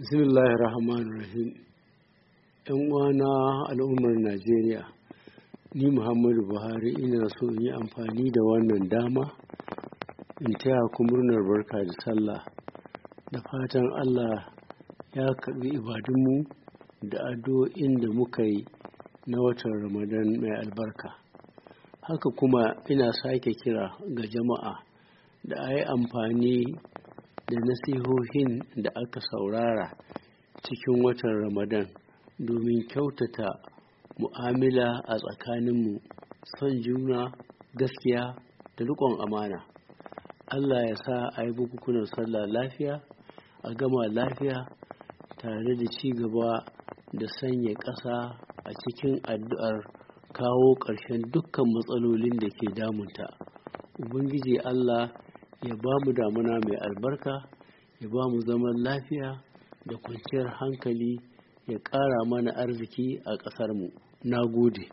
bismillahir rahmanir rahim yan uwana al'ummar najeriya ni muhammadu buhari ina so in yi amfani da wannan dama in taya ku murnar barka da sallah da fatan allah ya karbi ibadunmu da ado inda muka yi na watan ramadan mai albarka haka kuma ina sake kira ga jama'a da a yi amfani da nasihohin da aka saurara cikin watan Ramadan domin kyautata mu'amala a tsakaninmu son juna gaskiya da riƙon amana. Allah ya sa a yi bukukunan sallah lafiya a gama lafiya tare da ci gaba da sanya ƙasa a cikin addu'ar kawo ƙarshen dukkan matsalolin da ke damunta. Ubangiji Allah ya ba mu damuna mai albarka ya ba mu zaman lafiya da kwanciyar hankali ya ƙara mana arziki a ƙasarmu na gode